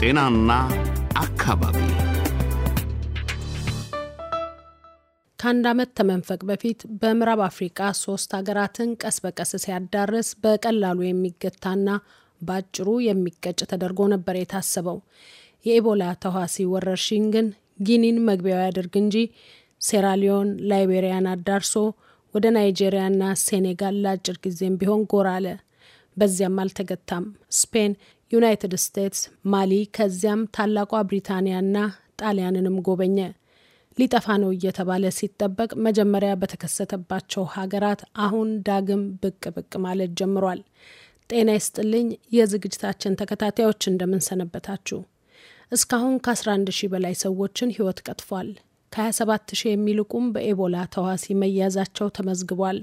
ጤናና አካባቢ ከአንድ ዓመት ተመንፈቅ በፊት በምዕራብ አፍሪቃ ሶስት ሀገራትን ቀስ በቀስ ሲያዳርስ በቀላሉ የሚገታና በአጭሩ የሚቀጭ ተደርጎ ነበር የታሰበው። የኢቦላ ተዋሲ ወረርሽኝ ግን ጊኒን መግቢያው ያድርግ እንጂ ሴራሊዮን፣ ላይቤሪያን አዳርሶ ወደ ናይጄሪያና ሴኔጋል ለአጭር ጊዜም ቢሆን ጎራ አለ። በዚያም አልተገታም። ስፔን ዩናይትድ ስቴትስ፣ ማሊ፣ ከዚያም ታላቋ ብሪታንያና ጣሊያንንም ጎበኘ። ሊጠፋ ነው እየተባለ ሲጠበቅ መጀመሪያ በተከሰተባቸው ሀገራት አሁን ዳግም ብቅ ብቅ ማለት ጀምሯል። ጤና ይስጥልኝ የዝግጅታችን ተከታታዮች እንደምንሰነበታችሁ። እስካሁን ከ11 ሺህ በላይ ሰዎችን ሕይወት ቀጥፏል። ከ27 ሺህ የሚልቁም በኤቦላ ተዋሲ መያዛቸው ተመዝግቧል።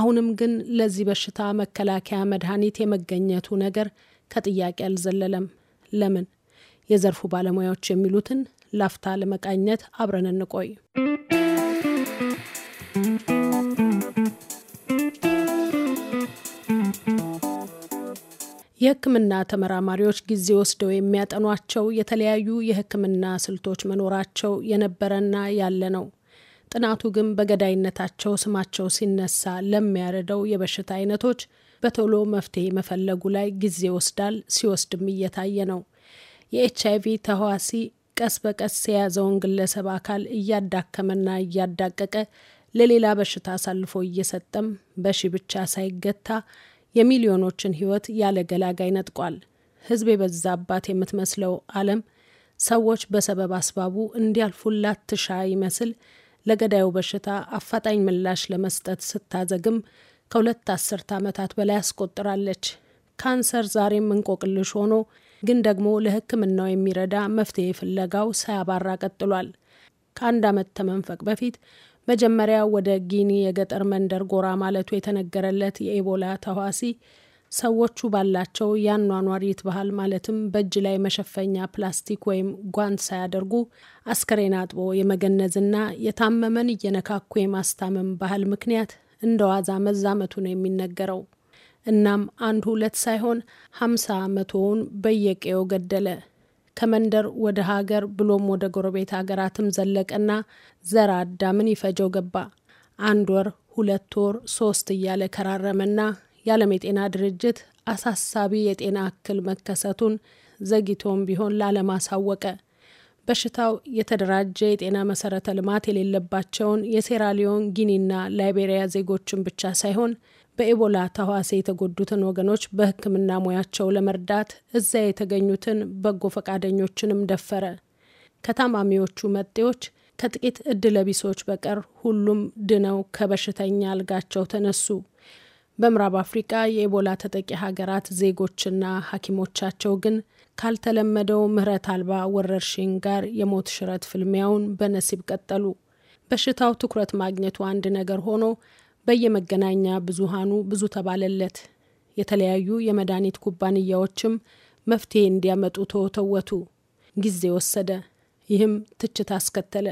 አሁንም ግን ለዚህ በሽታ መከላከያ መድኃኒት የመገኘቱ ነገር ከጥያቄ አልዘለለም። ለምን? የዘርፉ ባለሙያዎች የሚሉትን ላፍታ ለመቃኘት አብረን እንቆይ። የሕክምና ተመራማሪዎች ጊዜ ወስደው የሚያጠኗቸው የተለያዩ የሕክምና ስልቶች መኖራቸው የነበረና ያለ ነው። ጥናቱ ግን በገዳይነታቸው ስማቸው ሲነሳ ለሚያረደው የበሽታ አይነቶች በቶሎ መፍትሄ መፈለጉ ላይ ጊዜ ይወስዳል፣ ሲወስድም እየታየ ነው። የኤች አይቪ ተህዋሲ ቀስ በቀስ የያዘውን ግለሰብ አካል እያዳከመና እያዳቀቀ ለሌላ በሽታ አሳልፎ እየሰጠም በሺ ብቻ ሳይገታ የሚሊዮኖችን ህይወት ያለ ገላጋይ ነጥቋል። ህዝብ የበዛባት የምትመስለው ዓለም ሰዎች በሰበብ አስባቡ እንዲያልፉላት ትሻ ይመስል ለገዳዩ በሽታ አፋጣኝ ምላሽ ለመስጠት ስታዘግም ከሁለት አስርተ ዓመታት በላይ አስቆጥራለች። ካንሰር ዛሬም እንቆቅልሽ ሆኖ ግን ደግሞ ለሕክምናው የሚረዳ መፍትሄ ፍለጋው ሳያባራ ቀጥሏል። ከአንድ ዓመት ተመንፈቅ በፊት መጀመሪያ ወደ ጊኒ የገጠር መንደር ጎራ ማለቱ የተነገረለት የኢቦላ ተዋሲ ሰዎቹ ባላቸው የአኗኗሪት ባህል ማለትም በእጅ ላይ መሸፈኛ ፕላስቲክ ወይም ጓንት ሳያደርጉ አስከሬን አጥቦ የመገነዝና የታመመን እየነካኩ የማስታመም ባህል ምክንያት እንደ ዋዛ መዛመቱ ነው የሚነገረው። እናም አንድ ሁለት ሳይሆን ሀምሳ መቶውን በየቀየው ገደለ። ከመንደር ወደ ሀገር ብሎም ወደ ጎረቤት ሀገራትም ዘለቀና ዘር አዳምን ይፈጀው ገባ። አንድ ወር፣ ሁለት ወር፣ ሶስት እያለ ከራረመና የዓለም የጤና ድርጅት አሳሳቢ የጤና እክል መከሰቱን ዘግይቶም ቢሆን ላለማሳወቀ! በሽታው የተደራጀ የጤና መሰረተ ልማት የሌለባቸውን የሴራሊዮን ጊኒና ላይቤሪያ ዜጎችን ብቻ ሳይሆን በኤቦላ ተዋሴ የተጎዱትን ወገኖች በሕክምና ሙያቸው ለመርዳት እዛ የተገኙትን በጎ ፈቃደኞችንም ደፈረ። ከታማሚዎቹ መጤዎች ከጥቂት እድለቢሶች በቀር ሁሉም ድነው ከበሽተኛ አልጋቸው ተነሱ። በምዕራብ አፍሪቃ የኤቦላ ተጠቂ ሀገራት ዜጎችና ሐኪሞቻቸው ግን ካልተለመደው ምህረት አልባ ወረርሽኝ ጋር የሞት ሽረት ፍልሚያውን በነሲብ ቀጠሉ። በሽታው ትኩረት ማግኘቱ አንድ ነገር ሆኖ በየመገናኛ ብዙሃኑ ብዙ ተባለለት። የተለያዩ የመድኃኒት ኩባንያዎችም መፍትሄ እንዲያመጡ ተወተወቱ። ጊዜ ወሰደ። ይህም ትችት አስከተለ።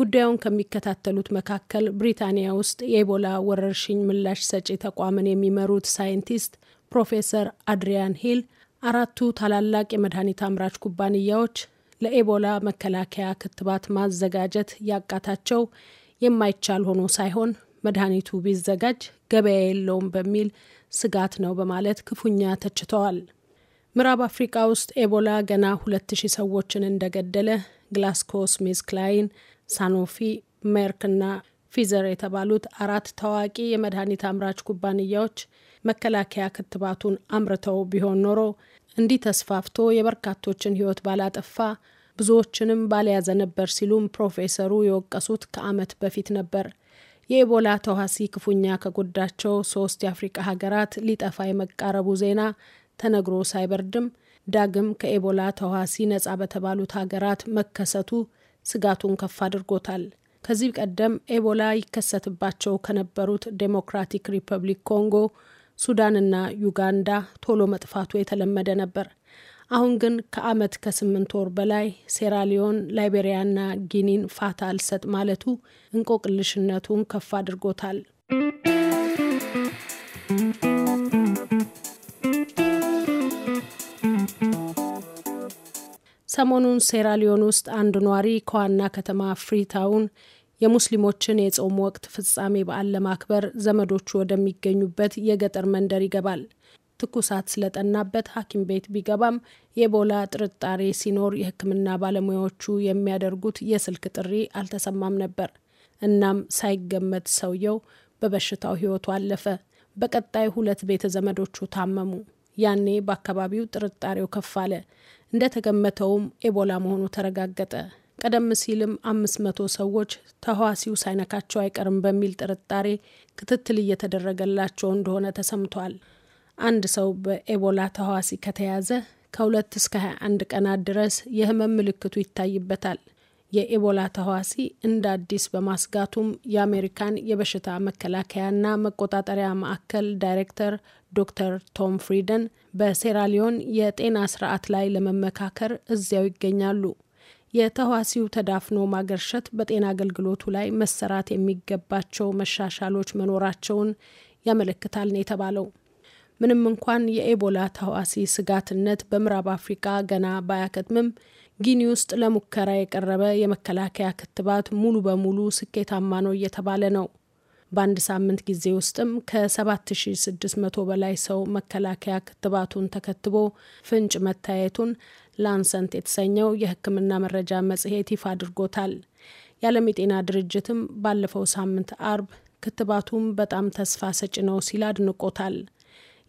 ጉዳዩን ከሚከታተሉት መካከል ብሪታንያ ውስጥ የኢቦላ ወረርሽኝ ምላሽ ሰጪ ተቋምን የሚመሩት ሳይንቲስት ፕሮፌሰር አድሪያን ሂል አራቱ ታላላቅ የመድኃኒት አምራች ኩባንያዎች ለኤቦላ መከላከያ ክትባት ማዘጋጀት ያቃታቸው የማይቻል ሆኖ ሳይሆን መድኃኒቱ ቢዘጋጅ ገበያ የለውም በሚል ስጋት ነው በማለት ክፉኛ ተችተዋል። ምዕራብ አፍሪቃ ውስጥ ኤቦላ ገና ሁለት ሺህ ሰዎችን እንደገደለ ግላስኮ ስሚዝ ክላይን፣ ሳኖፊ፣ ሜርክና ፊዘር የተባሉት አራት ታዋቂ የመድኃኒት አምራች ኩባንያዎች መከላከያ ክትባቱን አምርተው ቢሆን ኖሮ እንዲህ ተስፋፍቶ የበርካቶችን ሕይወት ባላጠፋ ብዙዎችንም ባልያዘ ነበር ሲሉም ፕሮፌሰሩ የወቀሱት ከዓመት በፊት ነበር። የኢቦላ ተዋሲ ክፉኛ ከጎዳቸው ሶስት የአፍሪቃ ሀገራት ሊጠፋ የመቃረቡ ዜና ተነግሮ ሳይበርድም ዳግም ከኢቦላ ተዋሲ ነጻ በተባሉት ሀገራት መከሰቱ ስጋቱን ከፍ አድርጎታል። ከዚህ ቀደም ኢቦላ ይከሰትባቸው ከነበሩት ዴሞክራቲክ ሪፐብሊክ ኮንጎ፣ ሱዳንና ዩጋንዳ ቶሎ መጥፋቱ የተለመደ ነበር። አሁን ግን ከዓመት ከስምንት ወር በላይ ሴራሊዮን፣ ላይቤሪያና ጊኒን ፋታ አልሰጥ ማለቱ እንቆቅልሽነቱን ከፍ አድርጎታል። ሰሞኑን ሴራሊዮን ውስጥ አንድ ኗሪ ከዋና ከተማ ፍሪታውን የሙስሊሞችን የጾም ወቅት ፍጻሜ በዓል ለማክበር ዘመዶቹ ወደሚገኙበት የገጠር መንደር ይገባል። ትኩሳት ስለጠናበት ሐኪም ቤት ቢገባም የኢቦላ ጥርጣሬ ሲኖር የሕክምና ባለሙያዎቹ የሚያደርጉት የስልክ ጥሪ አልተሰማም ነበር። እናም ሳይገመት ሰውየው በበሽታው ሕይወቱ አለፈ። በቀጣይ ሁለት ቤተ ዘመዶቹ ታመሙ። ያኔ በአካባቢው ጥርጣሬው ከፍ አለ። እንደተገመተውም ኢቦላ መሆኑ ተረጋገጠ። ቀደም ሲልም አምስት መቶ ሰዎች ተህዋሲው ሳይነካቸው አይቀርም በሚል ጥርጣሬ ክትትል እየተደረገላቸው እንደሆነ ተሰምቷል። አንድ ሰው በኤቦላ ተህዋሲ ከተያዘ ከሁለት እስከ 21 ቀናት ድረስ የህመም ምልክቱ ይታይበታል። የኤቦላ ተህዋሲ እንደ አዲስ በማስጋቱም የአሜሪካን የበሽታ መከላከያና መቆጣጠሪያ ማዕከል ዳይሬክተር ዶክተር ቶም ፍሪደን በሴራሊዮን የጤና ስርዓት ላይ ለመመካከር እዚያው ይገኛሉ። የተዋሲው ተዳፍኖ ማገርሸት በጤና አገልግሎቱ ላይ መሰራት የሚገባቸው መሻሻሎች መኖራቸውን ያመለክታል ነው የተባለው። ምንም እንኳን የኤቦላ ተዋሲ ስጋትነት በምዕራብ አፍሪካ ገና ባያከትምም ጊኒ ውስጥ ለሙከራ የቀረበ የመከላከያ ክትባት ሙሉ በሙሉ ስኬታማ ነው እየተባለ ነው። በአንድ ሳምንት ጊዜ ውስጥም ከ7600 በላይ ሰው መከላከያ ክትባቱን ተከትቦ ፍንጭ መታየቱን ላንሰንት የተሰኘው የሕክምና መረጃ መጽሔት ይፋ አድርጎታል። የዓለም የጤና ድርጅትም ባለፈው ሳምንት አርብ ክትባቱም በጣም ተስፋ ሰጭ ነው ሲል አድንቆታል።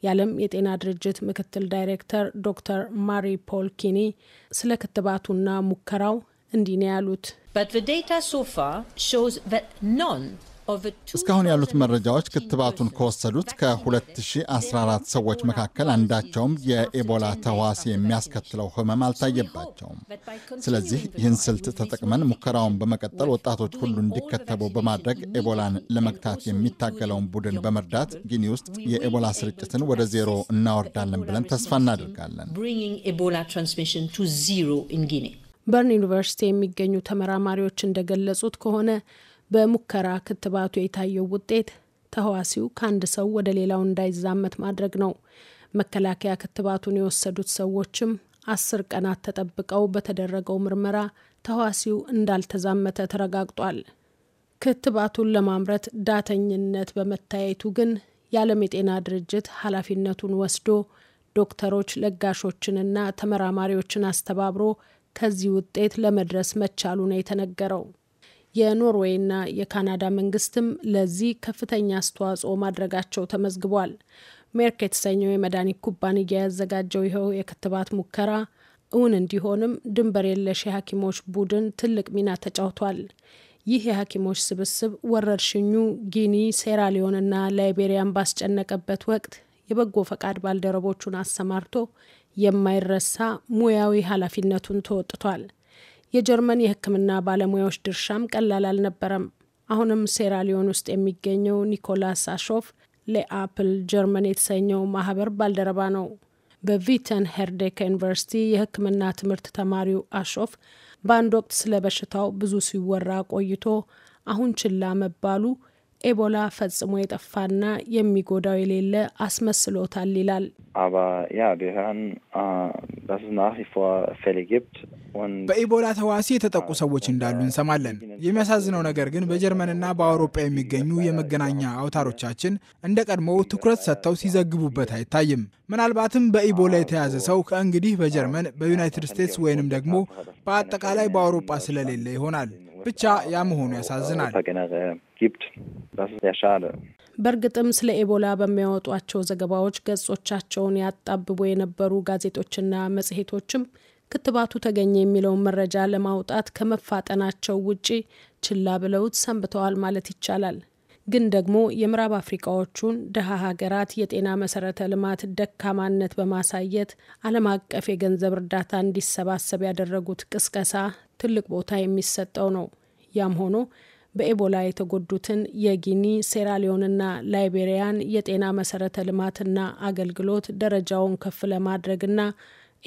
የዓለም የጤና ድርጅት ምክትል ዳይሬክተር ዶክተር ማሪ ፖል ኪኒ ስለ ክትባቱና ሙከራው እንዲህ ነው ያሉት። እስካሁን ያሉት መረጃዎች ክትባቱን ከወሰዱት ከ2014 ሰዎች መካከል አንዳቸውም የኤቦላ ተዋሲ የሚያስከትለው ህመም አልታየባቸውም። ስለዚህ ይህን ስልት ተጠቅመን ሙከራውን በመቀጠል ወጣቶች ሁሉ እንዲከተቡ በማድረግ ኤቦላን ለመግታት የሚታገለውን ቡድን በመርዳት ጊኒ ውስጥ የኤቦላ ስርጭትን ወደ ዜሮ እናወርዳለን ብለን ተስፋ እናደርጋለን። በርን ዩኒቨርሲቲ የሚገኙ ተመራማሪዎች እንደገለጹት ከሆነ በሙከራ ክትባቱ የታየው ውጤት ተህዋሲው ከአንድ ሰው ወደ ሌላው እንዳይዛመት ማድረግ ነው። መከላከያ ክትባቱን የወሰዱት ሰዎችም አስር ቀናት ተጠብቀው በተደረገው ምርመራ ተህዋሲው እንዳልተዛመተ ተረጋግጧል። ክትባቱን ለማምረት ዳተኝነት በመታየቱ ግን የዓለም የጤና ድርጅት ኃላፊነቱን ወስዶ ዶክተሮች፣ ለጋሾችንና ተመራማሪዎችን አስተባብሮ ከዚህ ውጤት ለመድረስ መቻሉ ነው የተነገረው። የኖርዌይና የካናዳ መንግስትም ለዚህ ከፍተኛ አስተዋጽኦ ማድረጋቸው ተመዝግቧል። ሜርክ የተሰኘው የመድኃኒት ኩባንያ ያዘጋጀው ይኸው የክትባት ሙከራ እውን እንዲሆንም ድንበር የለሽ የሐኪሞች ቡድን ትልቅ ሚና ተጫውቷል። ይህ የሐኪሞች ስብስብ ወረርሽኙ ጊኒ፣ ሴራሊዮንና ላይቤሪያን ባስጨነቀበት ወቅት የበጎ ፈቃድ ባልደረቦቹን አሰማርቶ የማይረሳ ሙያዊ ኃላፊነቱን ተወጥቷል። የጀርመን የሕክምና ባለሙያዎች ድርሻም ቀላል አልነበረም። አሁንም ሴራሊዮን ውስጥ የሚገኘው ኒኮላስ አሾፍ ለአፕል ጀርመን የተሰኘው ማህበር ባልደረባ ነው። በቪተን ሄርዴከ ዩኒቨርሲቲ የሕክምና ትምህርት ተማሪው አሾፍ በአንድ ወቅት ስለ በሽታው ብዙ ሲወራ ቆይቶ አሁን ችላ መባሉ ኤቦላ ፈጽሞ የጠፋና የሚጎዳው የሌለ አስመስሎታል ይላል። በኢቦላ ተዋሲ የተጠቁ ሰዎች እንዳሉ እንሰማለን። የሚያሳዝነው ነገር ግን በጀርመንና በአውሮፓ የሚገኙ የመገናኛ አውታሮቻችን እንደ ቀድሞው ትኩረት ሰጥተው ሲዘግቡበት አይታይም። ምናልባትም በኢቦላ የተያዘ ሰው ከእንግዲህ በጀርመን በዩናይትድ ስቴትስ ወይንም ደግሞ በአጠቃላይ በአውሮፓ ስለሌለ ይሆናል። ብቻ ያ መሆኑ ያሳዝናል። በእርግጥም ስለ ኤቦላ በሚያወጧቸው ዘገባዎች ገጾቻቸውን ያጣብቦ የነበሩ ጋዜጦችና መጽሔቶችም ክትባቱ ተገኘ የሚለውን መረጃ ለማውጣት ከመፋጠናቸው ውጪ ችላ ብለውት ሰንብተዋል ማለት ይቻላል። ግን ደግሞ የምዕራብ አፍሪካዎቹን ድሀ ሀገራት የጤና መሰረተ ልማት ደካማነት በማሳየት ዓለም አቀፍ የገንዘብ እርዳታ እንዲሰባሰብ ያደረጉት ቅስቀሳ ትልቅ ቦታ የሚሰጠው ነው። ያም ሆኖ በኤቦላ የተጎዱትን የጊኒ ሴራሊዮንና ላይቤሪያን የጤና መሰረተ ልማትና አገልግሎት ደረጃውን ከፍ ለማድረግና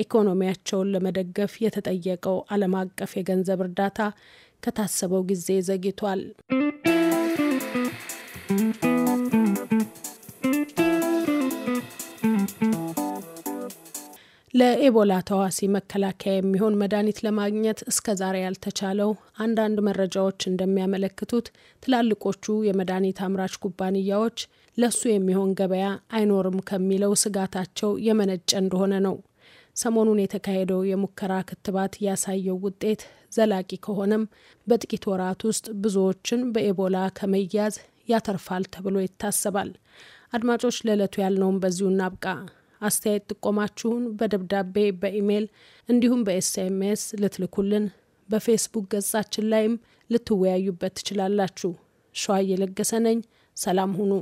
ኢኮኖሚያቸውን ለመደገፍ የተጠየቀው ዓለም አቀፍ የገንዘብ እርዳታ ከታሰበው ጊዜ ዘግቷል። ለኤቦላ ተዋሲ መከላከያ የሚሆን መድኃኒት ለማግኘት እስከ ዛሬ ያልተቻለው አንዳንድ መረጃዎች እንደሚያመለክቱት ትላልቆቹ የመድኃኒት አምራች ኩባንያዎች ለሱ የሚሆን ገበያ አይኖርም ከሚለው ስጋታቸው የመነጨ እንደሆነ ነው። ሰሞኑን የተካሄደው የሙከራ ክትባት ያሳየው ውጤት ዘላቂ ከሆነም በጥቂት ወራት ውስጥ ብዙዎችን በኤቦላ ከመያዝ ያተርፋል ተብሎ ይታሰባል። አድማጮች፣ ለዕለቱ ያልነውን በዚሁ እናብቃ። አስተያየት ጥቆማችሁን በደብዳቤ በኢሜይል እንዲሁም በኤስኤምኤስ ልትልኩልን፣ በፌስቡክ ገጻችን ላይም ልትወያዩበት ትችላላችሁ። ሸዋ እየለገሰ ነኝ። ሰላም ሁኑ።